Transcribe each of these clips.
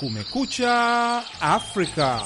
Kumekucha Afrika.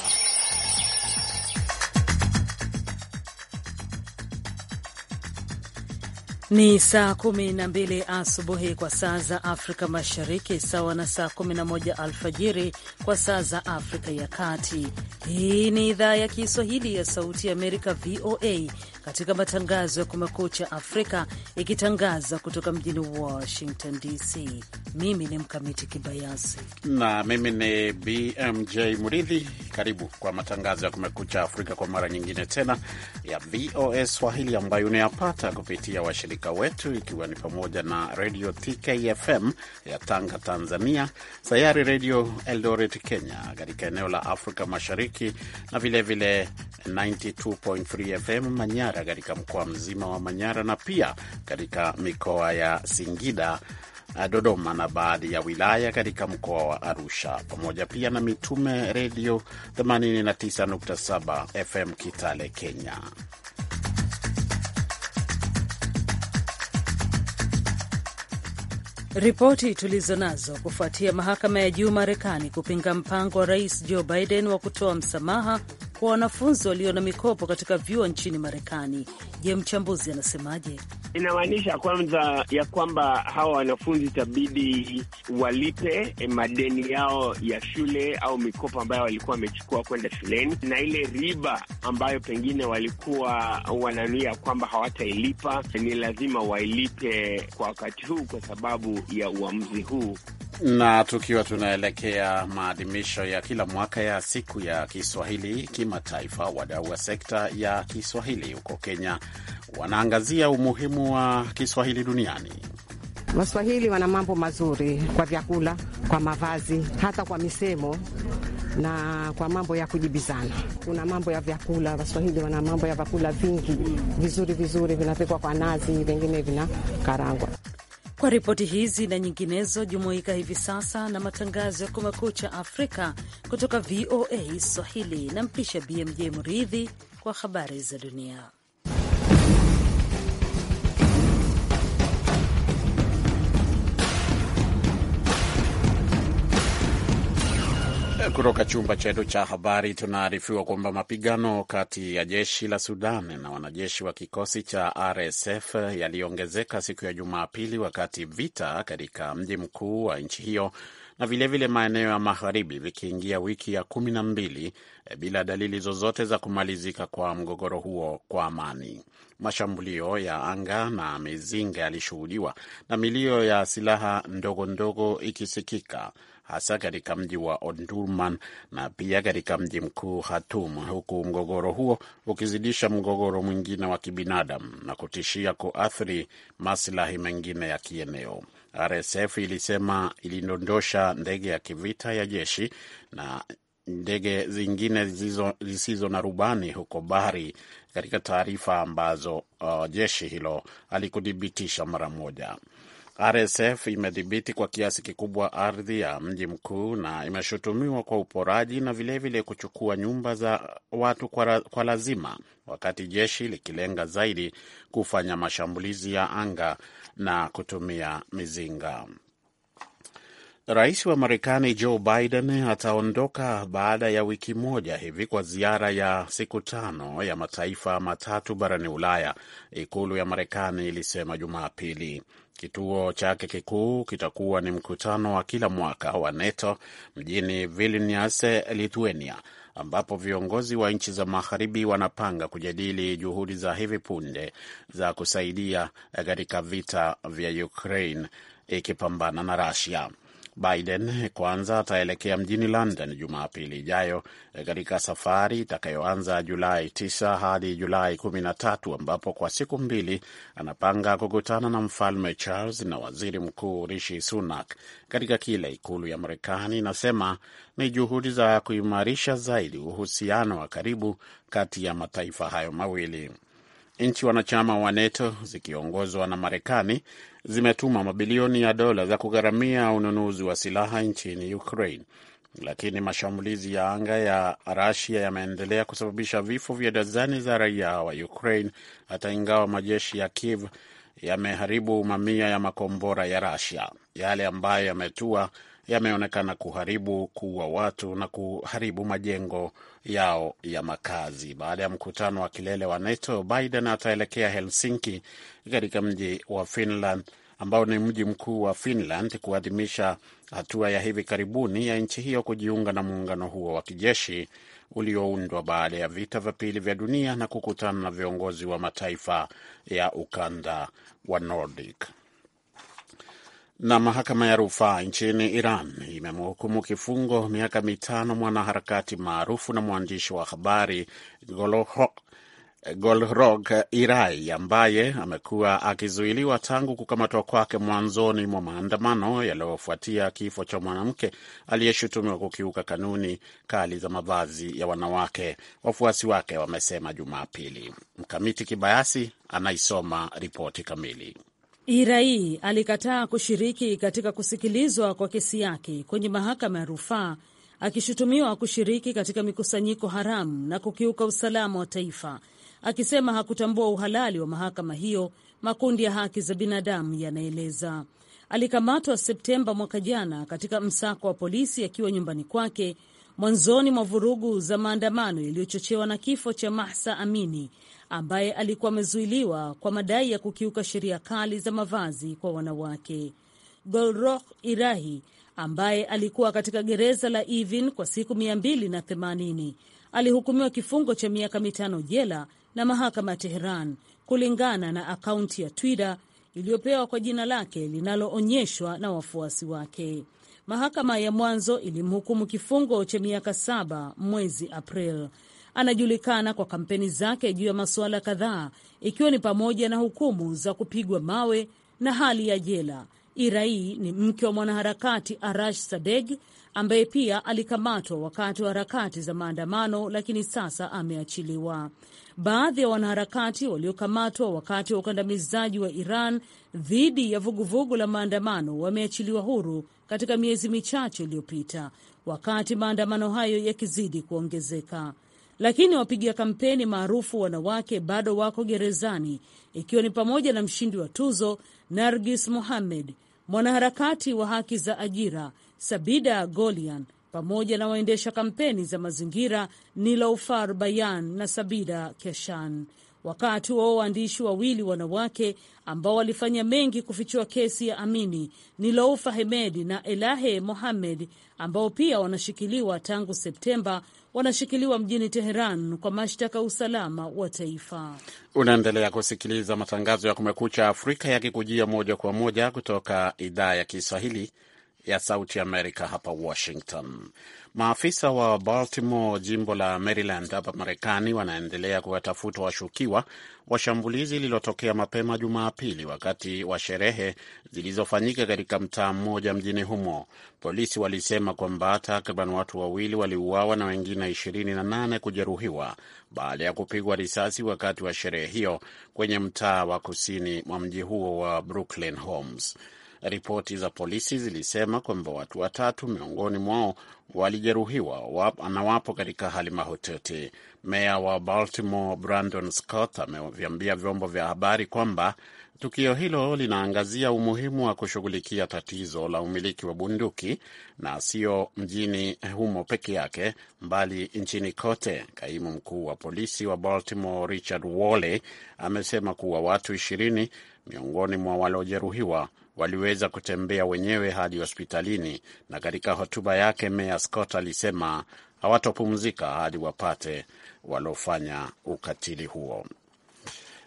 Ni saa kumi na mbili asubuhi kwa saa za Afrika Mashariki, sawa na saa kumi na moja alfajiri kwa saa za Afrika ya Kati. Hii ni idhaa ya Kiswahili ya Sauti ya Amerika, VOA, katika matangazo ya Kumekucha Afrika, ikitangaza kutoka mjini Washington DC. Mimi ni Mkamiti Kibayasi na mimi ni BMJ Muridhi. Karibu kwa matangazo ya Kumekucha Afrika kwa mara nyingine tena ya VOA Swahili, ambayo unayapata kupitia washirika wetu, ikiwa ni pamoja na Redio TKFM ya Tanga, Tanzania, Sayari Redio Eldoret, Kenya, katika eneo la Afrika Mashariki, Mashariki na vilevile 92.3 FM Manyara katika mkoa mzima wa Manyara na pia katika mikoa ya Singida, eh, Dodoma na baadhi ya wilaya katika mkoa wa Arusha, pamoja pia na Mitume Redio 89.7 FM Kitale, Kenya. Ripoti tulizo nazo kufuatia mahakama ya juu Marekani kupinga mpango wa rais Joe Biden wa kutoa msamaha kwa wanafunzi walio na mikopo katika vyuo nchini Marekani. Je, mchambuzi anasemaje? Inamaanisha kwanza ya kwamba hawa wanafunzi itabidi walipe eh, madeni yao ya shule au mikopo ambayo walikuwa wamechukua kwenda shuleni, na ile riba ambayo pengine walikuwa wananuia kwamba hawatailipa ni lazima wailipe kwa wakati huu, kwa sababu ya uamuzi huu na tukiwa tunaelekea maadhimisho ya kila mwaka ya siku ya Kiswahili kimataifa, wadau wa sekta ya Kiswahili huko Kenya wanaangazia umuhimu wa Kiswahili duniani. Waswahili wana mambo mazuri kwa vyakula, kwa mavazi, hata kwa misemo na kwa mambo ya kujibizana. Kuna mambo ya vyakula, Waswahili wana mambo ya vyakula vingi vizuri vizuri, vinapikwa kwa nazi, vingine vina karangwa kwa ripoti hizi na nyinginezo, jumuika hivi sasa na matangazo ya Kumekucha Afrika kutoka VOA Swahili. Nampisha BMJ Muridhi kwa habari za dunia. Kutoka chumba chetu cha habari tunaarifiwa kwamba mapigano kati ya jeshi la Sudan na wanajeshi wa kikosi cha RSF yaliongezeka siku ya Jumapili wakati vita katika mji mkuu wa nchi hiyo na vilevile maeneo ya magharibi vikiingia wiki ya kumi na mbili eh, bila dalili zozote za kumalizika kwa mgogoro huo kwa amani. Mashambulio ya anga na mizinga yalishuhudiwa na milio ya silaha ndogo ndogo ikisikika hasa katika mji wa Omdurman na pia katika mji mkuu Khartoum, huku mgogoro huo ukizidisha mgogoro mwingine wa kibinadamu na kutishia kuathiri maslahi mengine ya kieneo. RSF ilisema ilidondosha ndege ya kivita ya jeshi na ndege zingine zisizo na rubani huko bahri katika taarifa ambazo uh, jeshi hilo alikuthibitisha mara moja. RSF imedhibiti kwa kiasi kikubwa ardhi ya mji mkuu na imeshutumiwa kwa uporaji na vilevile vile kuchukua nyumba za watu kwa, kwa lazima, wakati jeshi likilenga zaidi kufanya mashambulizi ya anga na kutumia mizinga. Rais wa Marekani Joe Biden ataondoka baada ya wiki moja hivi kwa ziara ya siku tano ya mataifa matatu barani Ulaya, ikulu ya Marekani ilisema Jumapili. Kituo chake kikuu kitakuwa ni mkutano wa kila mwaka wa NATO mjini Vilnius, Lithuania, ambapo viongozi wa nchi za magharibi wanapanga kujadili juhudi za hivi punde za kusaidia katika vita vya Ukraine ikipambana na Russia. Biden kwanza ataelekea mjini London Jumapili ijayo eh, katika safari itakayoanza Julai 9 hadi Julai 13, ambapo kwa siku mbili anapanga kukutana na mfalme Charles na waziri mkuu Rishi Sunak katika kile ikulu ya Marekani inasema ni juhudi za kuimarisha zaidi uhusiano wa karibu kati ya mataifa hayo mawili nchi wanachama wa NATO zikiongozwa na Marekani zimetuma mabilioni ya dola za kugharamia ununuzi wa silaha nchini Ukraine, lakini mashambulizi ya anga ya Rasia yameendelea kusababisha vifo vya dazani za raia wa Ukraine, hata ingawa majeshi ya Kiev yameharibu mamia ya makombora ya Rasia yale ambayo yametua yameonekana kuharibu, kuua watu na kuharibu majengo yao ya makazi. Baada ya mkutano wa kilele wa NATO, Biden ataelekea Helsinki katika mji wa Finland ambao ni mji mkuu wa Finland kuadhimisha hatua ya hivi karibuni ya nchi hiyo kujiunga na muungano huo wa kijeshi ulioundwa baada ya vita vya pili vya dunia na kukutana na viongozi wa mataifa ya ukanda wa Nordic. Na mahakama ya rufaa nchini Iran imemhukumu kifungo miaka mitano mwanaharakati maarufu na mwandishi wa habari Golrog Irai ambaye amekuwa akizuiliwa tangu kukamatwa kwake mwanzoni mwa maandamano yaliyofuatia kifo cha mwanamke aliyeshutumiwa kukiuka kanuni kali za mavazi ya wanawake, wafuasi wake wamesema Jumapili. Mkamiti Kibayasi anaisoma ripoti kamili. Irai alikataa kushiriki katika kusikilizwa kwa kesi yake kwenye mahakama ya rufaa akishutumiwa kushiriki katika mikusanyiko haramu na kukiuka usalama wa taifa, akisema hakutambua uhalali wa mahakama hiyo. Makundi ya haki za binadamu yanaeleza alikamatwa Septemba mwaka jana katika msako wa polisi akiwa nyumbani kwake mwanzoni mwa vurugu za maandamano yaliyochochewa na kifo cha Mahsa Amini ambaye alikuwa amezuiliwa kwa madai ya kukiuka sheria kali za mavazi kwa wanawake. golroh Irahi ambaye alikuwa katika gereza la Evin kwa siku 280 alihukumiwa kifungo cha miaka mitano jela na mahakama ya Teheran, kulingana na akaunti ya Twitter iliyopewa kwa jina lake linaloonyeshwa na wafuasi wake. Mahakama ya mwanzo ilimhukumu kifungo cha miaka saba mwezi April anajulikana kwa kampeni zake juu ya masuala kadhaa, ikiwa ni pamoja na hukumu za kupigwa mawe na hali ya jela. Irai ni mke wa mwanaharakati Arash Sadeg ambaye pia alikamatwa wakati wa harakati za maandamano, lakini sasa ameachiliwa. Baadhi ya wanaharakati waliokamatwa wakati wa ukandamizaji wa Iran dhidi ya vuguvugu la maandamano wameachiliwa huru katika miezi michache iliyopita, wakati maandamano hayo yakizidi kuongezeka lakini wapiga kampeni maarufu wanawake bado wako gerezani, ikiwa ni pamoja na mshindi wa tuzo Nargis Mohammed, mwanaharakati wa haki za ajira Sabida Golian, pamoja na waendesha kampeni za mazingira Niloufar Bayan na Sabida Keshan. Wakati wao waandishi wawili wanawake ambao walifanya mengi kufichua kesi ya Amini Niloufa Hemedi na Elahe Mohamed ambao pia wanashikiliwa tangu Septemba wanashikiliwa mjini Teheran kwa mashtaka usalama wa taifa. Unaendelea kusikiliza matangazo ya Kumekucha Afrika yakikujia moja kwa moja kutoka idhaa ya Kiswahili ya Sauti Amerika hapa Washington. Maafisa wa Baltimore, jimbo la Maryland hapa Marekani, wanaendelea kuwatafuta washukiwa wa shambulizi lililotokea mapema Jumapili wakati wa sherehe zilizofanyika katika mtaa mmoja mjini humo. Polisi walisema kwamba takriban watu wawili waliuawa na wengine 28 kujeruhiwa baada ya kupigwa risasi wakati wa sherehe hiyo kwenye mtaa wa kusini mwa mji huo wa Brooklyn Homes. Ripoti za polisi zilisema kwamba watu watatu miongoni mwao walijeruhiwa na wapo katika hali mahututi. Meya wa Baltimore Brandon Scott ameviambia vyombo vya habari kwamba tukio hilo linaangazia umuhimu wa kushughulikia tatizo la umiliki wa bunduki na sio mjini humo peke yake, mbali nchini kote. Kaimu mkuu wa polisi wa Baltimore Richard Wole amesema kuwa watu ishirini miongoni mwa waliojeruhiwa waliweza kutembea wenyewe hadi hospitalini, na katika hotuba yake Meya Scott alisema hawatopumzika hadi wapate waliofanya ukatili huo.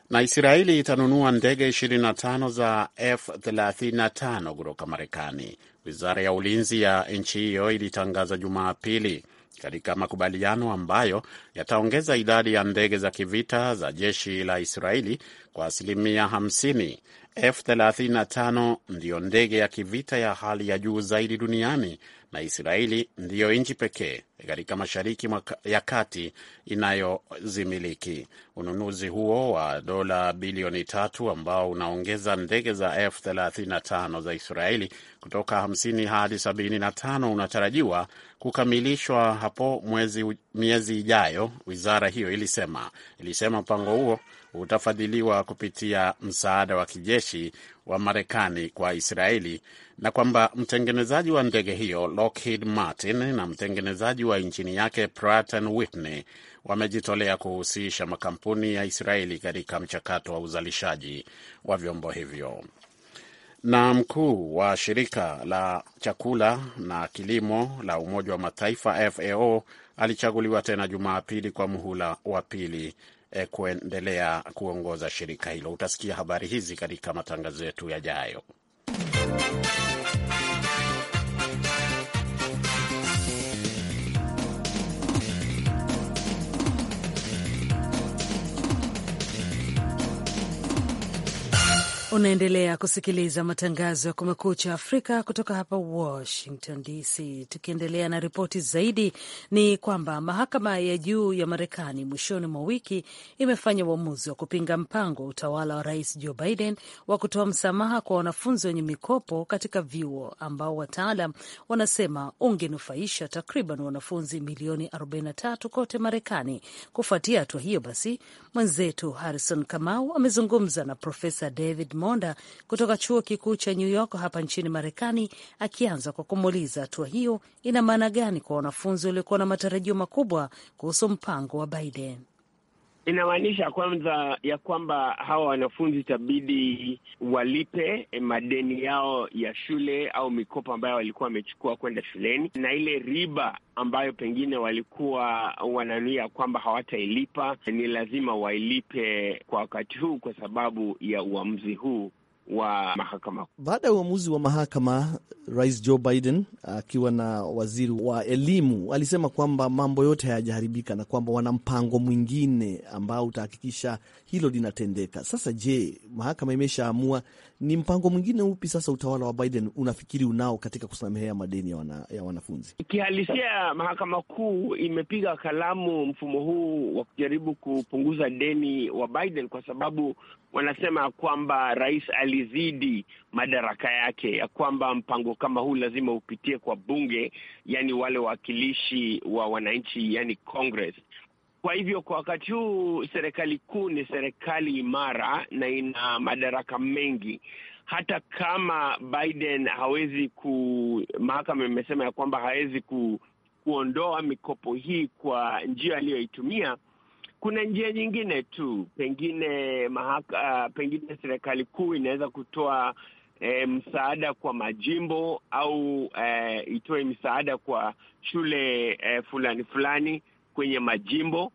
Na Israeli itanunua ndege 25 za F35 kutoka Marekani. Wizara ya ulinzi ya nchi hiyo ilitangaza Jumapili katika makubaliano ambayo yataongeza idadi ya ndege za kivita za jeshi la Israeli kwa asilimia 50 F35 ndiyo ndege ya kivita ya hali ya juu zaidi duniani na Israeli ndiyo nchi pekee katika Mashariki ya Kati inayozimiliki. Ununuzi huo wa dola bilioni tatu ambao unaongeza ndege za F35 za Israeli kutoka 50 hadi 75 unatarajiwa kukamilishwa hapo mwezi, miezi ijayo, wizara hiyo ilisema. Ilisema mpango huo utafadhiliwa kupitia msaada wa kijeshi wa Marekani kwa Israeli na kwamba mtengenezaji wa ndege hiyo Lockheed Martin na mtengenezaji wa injini yake Pratt and Whitney wamejitolea kuhusisha makampuni ya Israeli katika mchakato wa uzalishaji wa vyombo hivyo. Na mkuu wa shirika la chakula na kilimo la Umoja wa Mataifa FAO alichaguliwa tena Jumapili kwa muhula wa pili eh, kuendelea kuongoza shirika hilo. Utasikia habari hizi katika matangazo yetu yajayo. Unaendelea kusikiliza matangazo ya Kumekucha Afrika kutoka hapa Washington DC. Tukiendelea na ripoti zaidi, ni kwamba mahakama ya juu ya Marekani mwishoni mwa wiki imefanya uamuzi wa kupinga mpango wa utawala wa Rais Joe Biden wa kutoa msamaha kwa wanafunzi wenye mikopo katika vyuo ambao wataalam wanasema ungenufaisha takriban wanafunzi milioni 43 kote Marekani. Kufuatia hatua hiyo, basi mwenzetu Harrison Kamau amezungumza na Profesa David Monda kutoka chuo kikuu cha New York hapa nchini Marekani, akianza kwa kumuuliza hatua hiyo ina maana gani kwa wanafunzi waliokuwa na matarajio makubwa kuhusu mpango wa Biden. Inamaanisha kwanza ya kwamba hawa wanafunzi itabidi walipe eh, madeni yao ya shule au mikopo ambayo walikuwa wamechukua kwenda shuleni, na ile riba ambayo pengine walikuwa wananuia kwamba hawatailipa ni lazima wailipe kwa wakati huu, kwa sababu ya uamuzi huu wa mahakama. Baada ya uamuzi wa mahakama, Rais Joe Biden akiwa na waziri wa elimu alisema kwamba mambo yote hayajaharibika na kwamba wana mpango mwingine ambao utahakikisha hilo linatendeka. Sasa je, mahakama imeshaamua, ni mpango mwingine upi sasa utawala wa Biden unafikiri unao katika kusamehea madeni ya, wana, ya wanafunzi? ikihalisia mahakama kuu imepiga kalamu mfumo huu wa kujaribu kupunguza deni wa Biden kwa sababu wanasema kwamba rais ali yalizidi madaraka yake, ya kwamba mpango kama huu lazima upitie kwa bunge, yani wale wawakilishi wa wananchi, yani Congress. Kwa hivyo kwa wakati huu serikali kuu ni serikali imara na ina madaraka mengi. Hata kama Biden hawezi ku, mahakama imesema ya kwamba hawezi ku, kuondoa mikopo hii kwa njia aliyoitumia kuna njia nyingine tu, pengine mahaka, pengine serikali kuu inaweza kutoa e, msaada kwa majimbo au e, itoe msaada kwa shule e, fulani fulani kwenye majimbo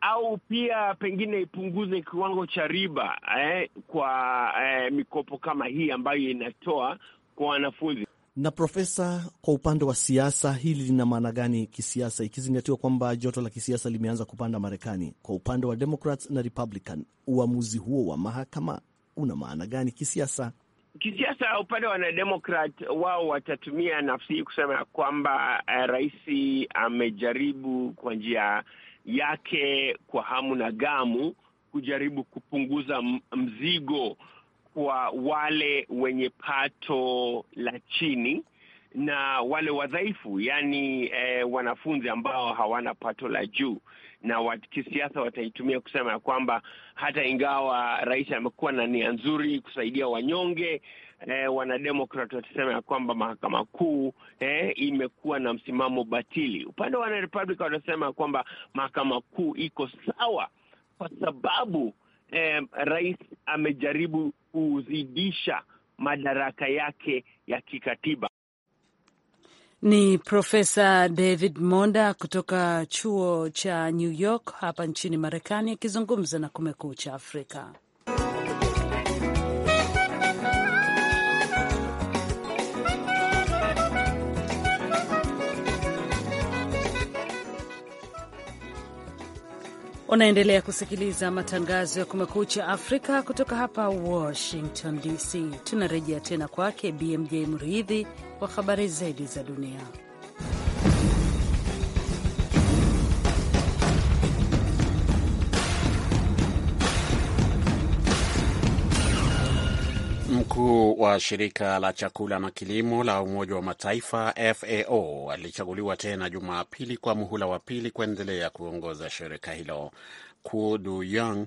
au pia pengine ipunguze kiwango cha riba eh, kwa eh, mikopo kama hii ambayo inatoa kwa wanafunzi. Na Profesa, kwa upande wa siasa, hili lina maana gani kisiasa, ikizingatiwa kwamba joto la kisiasa limeanza kupanda Marekani kwa upande wa Democrats na Republican? Uamuzi huo wa mahakama una maana gani kisiasa? Kisiasa upande wa wanademokrat, wao watatumia nafsi hii kusema ya kwamba eh, rais amejaribu kwa njia yake kwa hamu na gamu kujaribu kupunguza mzigo kwa wale wenye pato la chini na wale wadhaifu, yaani eh, wanafunzi ambao hawana pato la juu na wat, kisiasa wataitumia kusema ya kwamba hata ingawa rais amekuwa na nia nzuri kusaidia wanyonge eh, wanademokrat watasema ya kwamba mahakama kuu eh, imekuwa na msimamo batili. Upande wa wanarepublic watasema ya kwamba mahakama kuu iko sawa kwa sababu eh, rais amejaribu kuzidisha madaraka yake ya kikatiba. Ni Profesa David Monda kutoka chuo cha New York hapa nchini Marekani akizungumza na Kumekucha Afrika. Unaendelea kusikiliza matangazo ya Kumekucha Afrika kutoka hapa Washington DC. Tunarejea tena kwake BMJ Mridhi wa habari zaidi za dunia. Mkuu wa shirika la chakula na kilimo la Umoja wa Mataifa FAO alichaguliwa tena Jumapili kwa muhula wa pili kuendelea kuongoza shirika hilo. Ku Du Young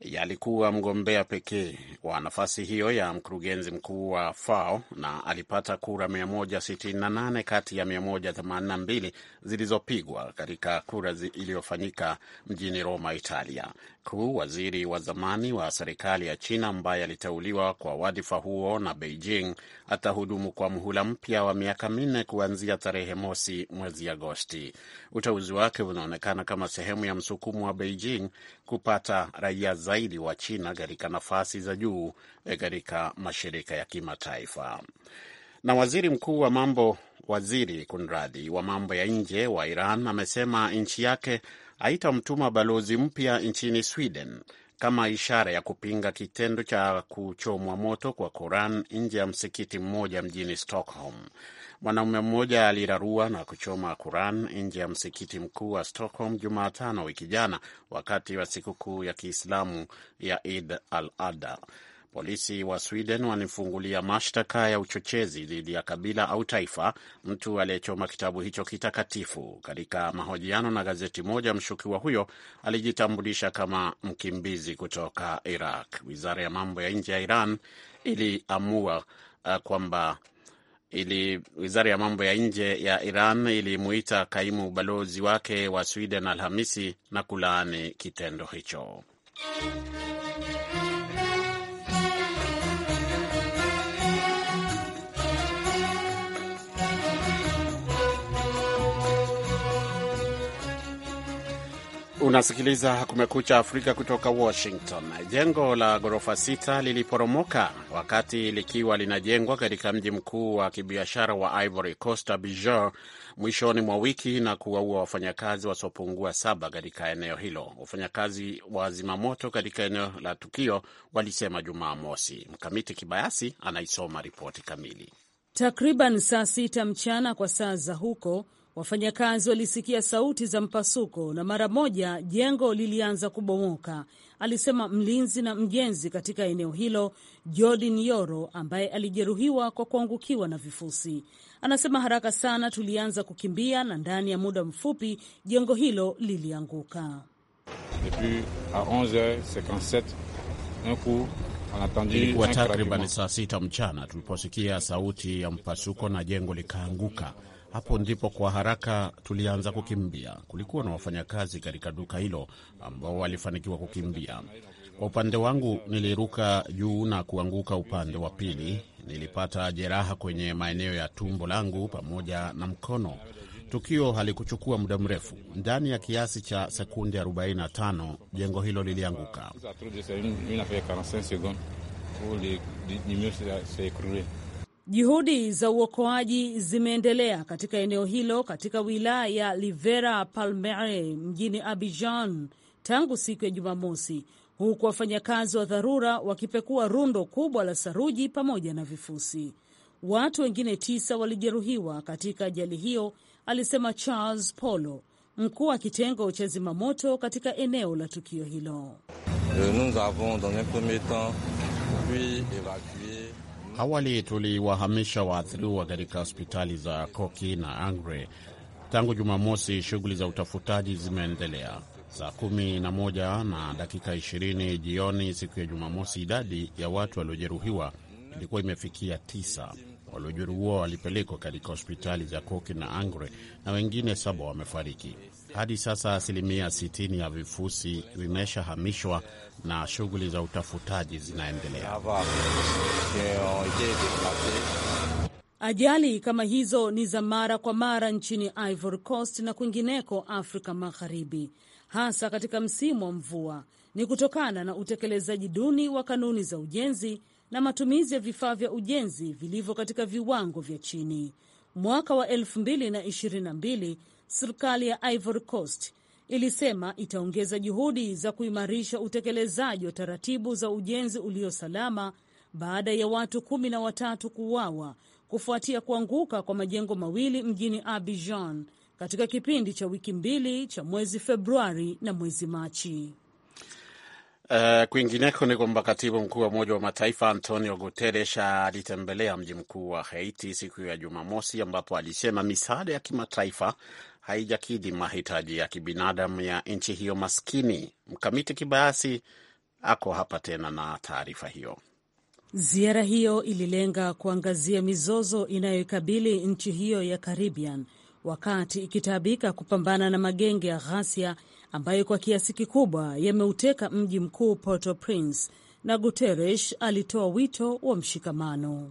yalikuwa mgombea pekee wa nafasi hiyo ya mkurugenzi mkuu wa FAO na alipata kura 168 kati ya 182 zilizopigwa katika kura iliyofanyika mjini Roma, Italia. kuu waziri wa zamani wa serikali ya China ambaye aliteuliwa kwa wadhifa huo na Beijing, atahudumu kwa mhula mpya wa miaka minne kuanzia tarehe mosi mwezi Agosti. Uteuzi wake unaonekana kama sehemu ya msukumo wa Beijing kupata raia zaidi wa China katika nafasi za juu eh, katika mashirika ya kimataifa. Na waziri mkuu wa mambo waziri kunradhi wa mambo ya nje wa Iran amesema nchi yake haitamtuma balozi mpya nchini Sweden kama ishara ya kupinga kitendo cha kuchomwa moto kwa Koran nje ya msikiti mmoja mjini Stockholm. Mwanaume mmoja alirarua na kuchoma Quran nje ya msikiti mkuu wa Stockholm Jumatano wiki jana, wakati wa sikukuu ya Kiislamu ya Id al Adha. Polisi wa Sweden wanifungulia mashtaka ya uchochezi dhidi ya kabila au taifa mtu aliyechoma kitabu hicho kitakatifu. Katika mahojiano na gazeti moja, mshukiwa huyo alijitambulisha kama mkimbizi kutoka Iraq. Wizara ya mambo ya nje ya Iran iliamua uh, kwamba ili wizara ya mambo ya nje ya Iran ilimuita kaimu balozi wake wa Sweden Alhamisi na kulaani kitendo hicho. Unasikiliza Kumekucha Afrika kutoka Washington. Jengo la ghorofa sita liliporomoka wakati likiwa linajengwa katika mji mkuu wa kibiashara wa Ivory Coast, Abidjan, mwishoni mwa wiki na kuwaua wafanyakazi wasiopungua saba katika eneo hilo. Wafanyakazi wa zimamoto katika eneo la tukio walisema Jumamosi. Mkamiti Kibayasi anaisoma ripoti kamili. Takriban saa sita mchana kwa saa za huko Wafanyakazi walisikia sauti za mpasuko na mara moja jengo lilianza kubomoka, alisema mlinzi na mjenzi katika eneo hilo Jordin Yoro, ambaye alijeruhiwa kwa kuangukiwa na vifusi. Anasema haraka sana tulianza kukimbia na ndani ya muda mfupi jengo hilo lilianguka. Ilikuwa takriban saa sita mchana tuliposikia sauti ya mpasuko na jengo likaanguka. Hapo ndipo kwa haraka tulianza kukimbia. Kulikuwa na wafanyakazi katika duka hilo ambao walifanikiwa kukimbia. Kwa upande wangu, niliruka juu na kuanguka upande wa pili. Nilipata jeraha kwenye maeneo ya tumbo langu pamoja na mkono. Tukio halikuchukua muda mrefu. Ndani ya kiasi cha sekunde 45 jengo hilo lilianguka. Juhudi za uokoaji zimeendelea katika eneo hilo katika wilaya ya livera Palmere mjini Abidjan tangu siku ya Jumamosi, huku wafanyakazi wa dharura wakipekua rundo kubwa la saruji pamoja na vifusi. Watu wengine tisa walijeruhiwa katika ajali hiyo, alisema Charles Polo, mkuu wa kitengo cha zimamoto katika eneo la tukio hilo. Euh, nous avons dans un premier temps pu evacuer Awali tuliwahamisha waathiriwa katika hospitali za Koki na Angre. Tangu Jumamosi, shughuli za utafutaji zimeendelea. Saa kumi na moja na dakika ishirini jioni siku ya Jumamosi, idadi ya watu waliojeruhiwa ilikuwa imefikia tisa. Waliojeruhiwa walipelekwa katika hospitali za Kochi na Angre na wengine saba wamefariki. Hadi sasa asilimia 60 ya vifusi vimeshahamishwa na shughuli za utafutaji zinaendelea. Ajali kama hizo ni za mara kwa mara nchini Ivory Coast na kwingineko Afrika Magharibi, hasa katika msimu wa mvua. Ni kutokana na utekelezaji duni wa kanuni za ujenzi na matumizi ya vifaa vya ujenzi vilivyo katika viwango vya chini. Mwaka wa 2022 serikali ya Ivory Coast ilisema itaongeza juhudi za kuimarisha utekelezaji wa taratibu za ujenzi uliosalama baada ya watu kumi na watatu kuuawa kufuatia kuanguka kwa majengo mawili mjini Abidjan katika kipindi cha wiki mbili cha mwezi Februari na mwezi Machi. Uh, kwingineko ni kwamba katibu mkuu wa Umoja wa Mataifa Antonio Guterres alitembelea mji mkuu wa Haiti siku ya Jumamosi, ambapo alisema misaada ya kimataifa haijakidhi mahitaji ya kibinadamu ya nchi hiyo maskini. Mkamiti Kibayasi ako hapa tena na taarifa hiyo. Ziara hiyo ililenga kuangazia mizozo inayoikabili nchi hiyo ya Caribbean wakati ikitaabika kupambana na magenge ya ghasia ambayo kwa kiasi kikubwa yameuteka mji mkuu Porto prince na Guterres alitoa wito wa mshikamano.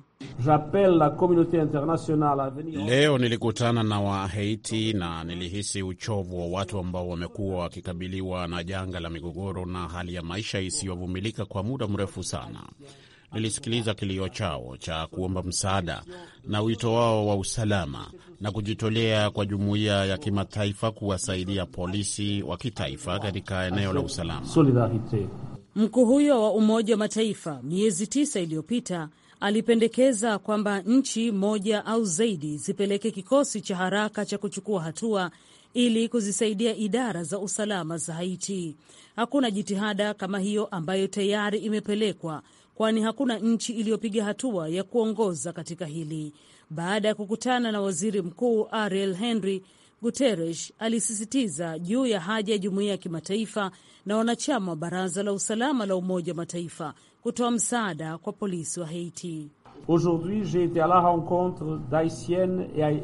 Leo nilikutana na Wahaiti na nilihisi uchovu wa watu ambao wamekuwa wakikabiliwa na janga la migogoro na hali ya maisha isiyovumilika kwa muda mrefu sana. Nilisikiliza kilio chao cha kuomba msaada na wito wao wa usalama na kujitolea kwa jumuiya ya kimataifa kuwasaidia polisi wa kitaifa katika eneo la usalama. Mkuu huyo wa Umoja wa Mataifa miezi tisa iliyopita alipendekeza kwamba nchi moja au zaidi zipeleke kikosi cha haraka cha kuchukua hatua ili kuzisaidia idara za usalama za Haiti. Hakuna jitihada kama hiyo ambayo tayari imepelekwa, kwani hakuna nchi iliyopiga hatua ya kuongoza katika hili baada ya kukutana na waziri mkuu Ariel Henry. Guterres alisisitiza juu ya haja ya jumuiya ya kimataifa na wanachama wa baraza la usalama la Umoja wa Mataifa kutoa msaada kwa polisi wa Haiti.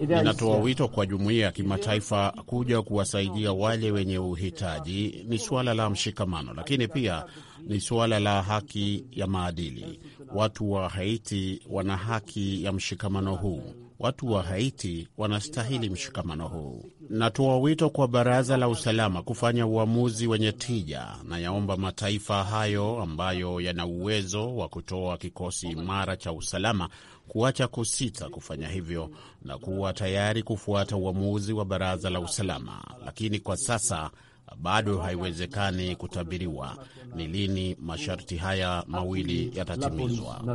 Ninatoa wito kwa jumuiya ya kimataifa kuja kuwasaidia wale wenye uhitaji. Ni suala la mshikamano, lakini pia ni suala la haki ya maadili. Watu wa Haiti wana haki ya mshikamano huu. Watu wa Haiti wanastahili mshikamano huu. Natoa wito kwa Baraza la Usalama kufanya uamuzi wenye tija, na yaomba mataifa hayo ambayo yana uwezo wa kutoa kikosi imara cha usalama kuacha kusita kufanya hivyo na kuwa tayari kufuata uamuzi wa Baraza la Usalama, lakini kwa sasa bado haiwezekani kutabiriwa ni lini masharti haya mawili yatatimizwa.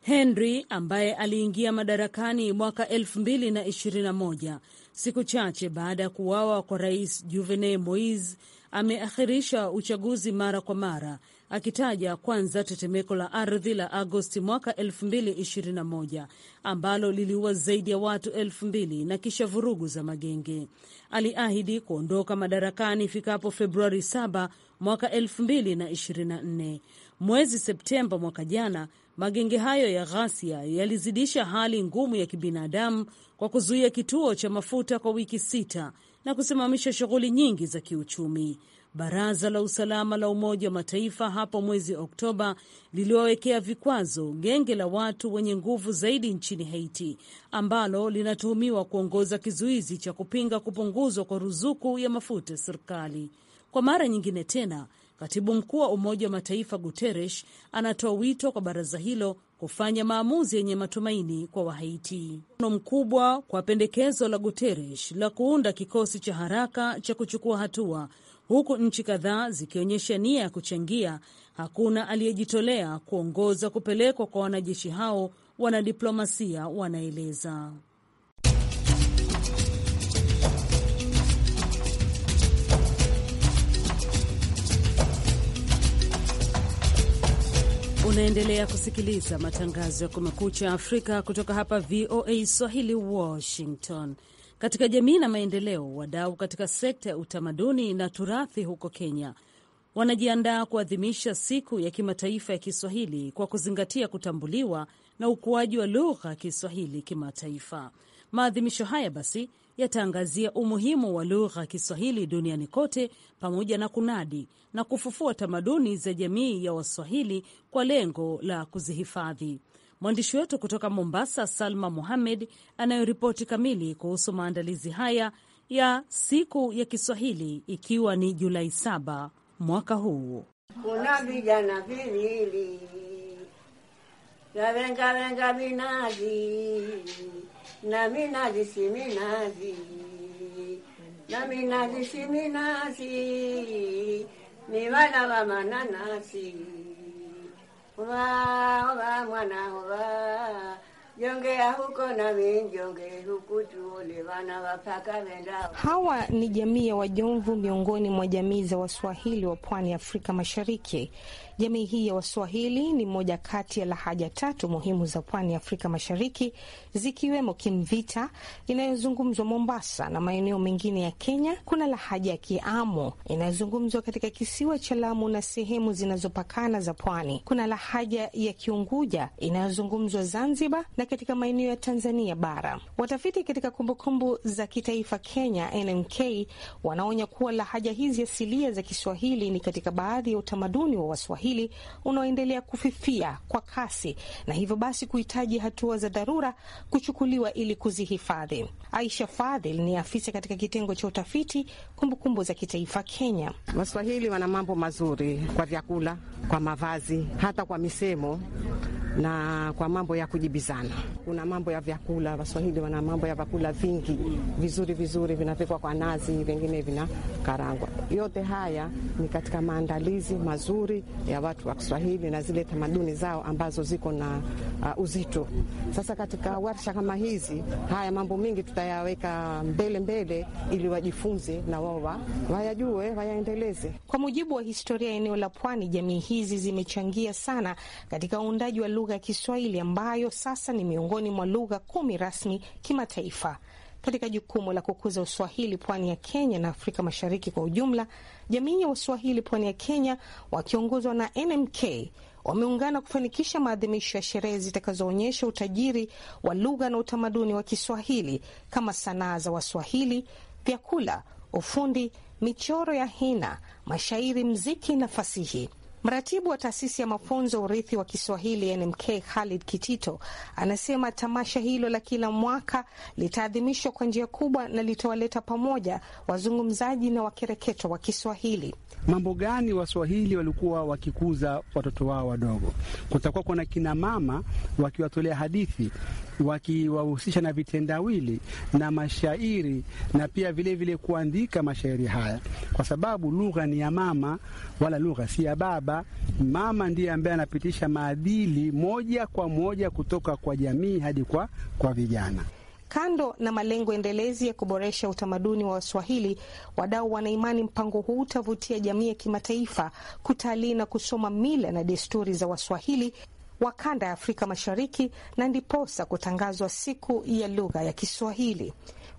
Henry ambaye aliingia madarakani mwaka 2021 siku chache baada ya kuuawa kwa rais Juvenal Moise ameakhirisha uchaguzi mara kwa mara akitaja kwanza tetemeko la ardhi la Agosti mwaka 2021 ambalo liliua zaidi ya watu elfu mbili na kisha vurugu za magenge. Aliahidi kuondoka madarakani ifikapo Februari 7 mwaka 2024. Mwezi Septemba mwaka jana, magenge hayo ya ghasia yalizidisha hali ngumu ya kibinadamu kwa kuzuia kituo cha mafuta kwa wiki sita na kusimamisha shughuli nyingi za kiuchumi. Baraza la Usalama la Umoja wa Mataifa hapo mwezi Oktoba liliwawekea vikwazo genge la watu wenye nguvu zaidi nchini Haiti ambalo linatuhumiwa kuongoza kizuizi cha kupinga kupunguzwa kwa ruzuku ya mafuta serikali. Kwa mara nyingine tena, katibu mkuu wa Umoja wa Mataifa Guterres anatoa wito kwa baraza hilo kufanya maamuzi yenye matumaini kwa Wahaiti. no mkubwa kwa pendekezo la Guterres la kuunda kikosi cha haraka cha kuchukua hatua huku nchi kadhaa zikionyesha nia ya kuchangia, hakuna aliyejitolea kuongoza kupelekwa kwa wanajeshi hao, wanadiplomasia wanaeleza. Unaendelea kusikiliza matangazo ya Kumekucha Afrika kutoka hapa VOA Swahili, Washington katika jamii na maendeleo. Wadau katika sekta ya utamaduni na turathi huko Kenya wanajiandaa kuadhimisha siku ya kimataifa ya Kiswahili kwa kuzingatia kutambuliwa na ukuaji wa lugha ya Kiswahili kimataifa. Maadhimisho haya basi yataangazia umuhimu wa lugha ya Kiswahili duniani kote pamoja na kunadi na kufufua tamaduni za jamii ya Waswahili kwa lengo la kuzihifadhi. Mwandishi wetu kutoka Mombasa, Salma muhamed anayoripoti kamili kuhusu maandalizi haya ya siku ya Kiswahili, ikiwa ni Julai saba mwaka huu. Kuna vijana viwili yavengavenga minazi na minazi si minazi na minazi si minazi ni wana wa mananasi Hoba, hoba, mwana hoba. Jongea huko nami Hawa ni jamii ya Wajomvu miongoni mwa jamii za Waswahili wa pwani ya Afrika Mashariki Jamii hii ya Waswahili ni moja kati ya lahaja tatu muhimu za pwani ya Afrika Mashariki, zikiwemo Kimvita inayozungumzwa Mombasa na maeneo mengine ya Kenya. Kuna lahaja ya Kiamu inayozungumzwa katika kisiwa cha Lamu na sehemu zinazopakana za pwani. Kuna lahaja ya Kiunguja inayozungumzwa Zanzibar na katika maeneo ya Tanzania bara. Watafiti katika kumbukumbu za kitaifa Kenya, NMK, wanaonya kuwa lahaja hizi asilia za Kiswahili ni katika baadhi ya utamaduni wa Waswahili hili unaoendelea kufifia kwa kasi na hivyo basi kuhitaji hatua za dharura kuchukuliwa ili kuzihifadhi. Aisha Fadhil ni afisa katika kitengo cha utafiti kumbukumbu za kitaifa Kenya. Waswahili wana mambo mazuri kwa vyakula, kwa mavazi, hata kwa misemo na kwa mambo ya kujibizana, kuna mambo ya vyakula. Waswahili wana mambo ya vyakula vingi vizuri vizuri, vinapikwa kwa nazi, vingine vinakarangwa. Yote haya ni katika maandalizi mazuri ya watu wa Kiswahili na zile tamaduni zao ambazo ziko na uh, uzito. Sasa katika warsha kama hizi, haya mambo mingi tutayaweka mbele mbele, ili wajifunze na wao wayajue, wayaendeleze. Kwa mujibu wa historia ya eneo la Pwani, jamii hizi zimechangia sana katika uundaji wa lugha ya Kiswahili ambayo sasa ni miongoni mwa lugha kumi rasmi kimataifa. Katika jukumu la kukuza Uswahili pwani ya Kenya na Afrika Mashariki kwa ujumla, jamii ya Waswahili pwani ya Kenya wakiongozwa na NMK wameungana kufanikisha maadhimisho ya sherehe zitakazoonyesha utajiri wa lugha na utamaduni wa Kiswahili kama sanaa za Waswahili, vyakula, ufundi, michoro ya hina, mashairi, mziki na fasihi. Mratibu wa taasisi ya mafunzo urithi wa Kiswahili NMK Khalid Kitito anasema tamasha hilo la kila mwaka litaadhimishwa kwa njia kubwa na litawaleta pamoja wazungumzaji na wakereketo wa Kiswahili. Mambo gani Waswahili walikuwa wakikuza watoto wao wadogo? Kutakuwa kuna kina mama wakiwatolea hadithi, wakiwahusisha na vitendawili na mashairi, na pia vilevile vile kuandika mashairi haya, kwa sababu lugha ni ya mama, wala lugha si ya baba kwamba mama ndiye ambaye anapitisha maadili moja kwa moja kutoka kwa jamii hadi kwa, kwa vijana. Kando na malengo endelezi ya kuboresha utamaduni wa Waswahili, wadau wanaimani mpango huu utavutia jamii ya kimataifa kutalii na kusoma mila na desturi za Waswahili wa kanda ya Afrika Mashariki, na ndiposa kutangazwa siku ya lugha ya Kiswahili.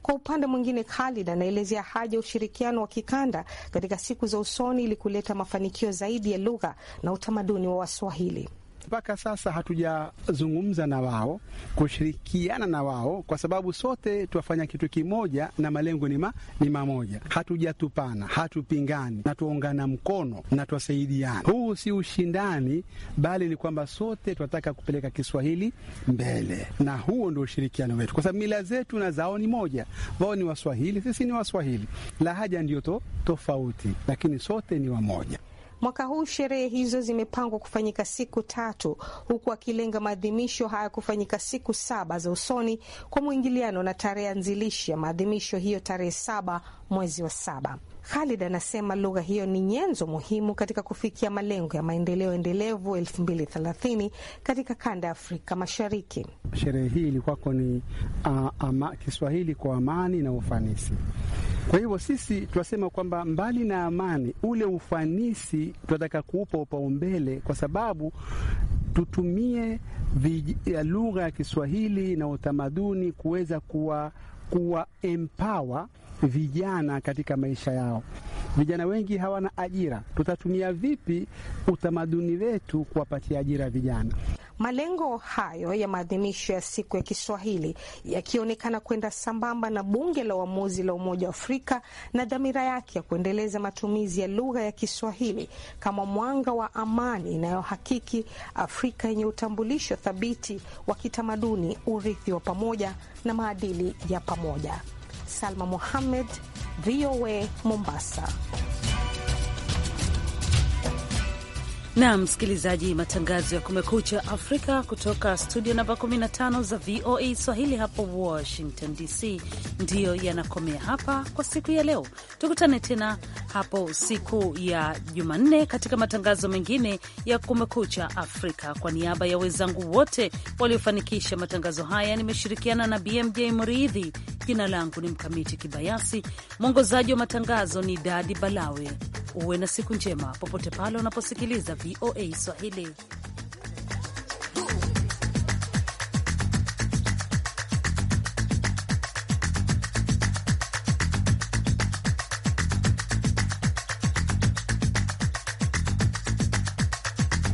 Kwa upande mwingine, Khalid anaelezea haja ya ushirikiano wa kikanda katika siku za usoni ili kuleta mafanikio zaidi ya lugha na utamaduni wa Waswahili mpaka sasa hatujazungumza na wao, kushirikiana na wao, kwa sababu sote tuwafanya kitu kimoja na malengo ni, ma, ni mamoja. Hatujatupana, hatupingani, na tuungana mkono na twasaidiana. Huu si ushindani, bali ni kwamba sote tunataka kupeleka Kiswahili mbele, na huo ndio ushirikiano wetu, kwa sababu mila zetu na zao ni moja. Wao ni Waswahili, sisi ni Waswahili, lahaja ndio to, tofauti, lakini sote ni wamoja. Mwaka huu sherehe hizo zimepangwa kufanyika siku tatu, huku akilenga maadhimisho haya kufanyika siku saba za usoni kwa mwingiliano na tarehe anzilishi ya maadhimisho hiyo, tarehe saba mwezi wa saba. Khalid anasema lugha hiyo ni nyenzo muhimu katika kufikia malengo ya maendeleo endelevu 2030 katika kanda ya Afrika Mashariki. Sherehe hii ilikuwako ni a, ama, Kiswahili kwa amani na ufanisi. Kwa hivyo sisi tunasema kwamba mbali na amani, ule ufanisi tunataka kuupa upaumbele kwa sababu tutumie lugha ya Kiswahili na utamaduni kuweza kuwa, kuwa empower vijana katika maisha yao. Vijana wengi hawana ajira, tutatumia vipi utamaduni wetu kuwapatia ajira vijana? Malengo hayo ya maadhimisho ya siku ya Kiswahili yakionekana kwenda sambamba na bunge la uamuzi la Umoja wa Afrika na dhamira yake ya kuendeleza matumizi ya lugha ya Kiswahili kama mwanga wa amani inayohakiki Afrika yenye utambulisho thabiti wa kitamaduni, urithi wa pamoja na maadili ya pamoja. Salma Mohamed, VOA Mombasa. Na msikilizaji, matangazo ya Kumekucha Afrika kutoka studio namba 15 za VOA Swahili hapa Washington DC ndiyo yanakomea hapa kwa siku ya leo. Tukutane tena hapo siku ya Jumanne katika matangazo mengine ya Kumekucha Afrika. Kwa niaba ya wenzangu wote waliofanikisha matangazo haya, nimeshirikiana na BMJ Mridhi. Jina langu ni Mkamiti Kibayasi, mwongozaji wa matangazo ni Dadi Balawe. Uwe na siku njema popote pale unaposikiliza VOA Swahili.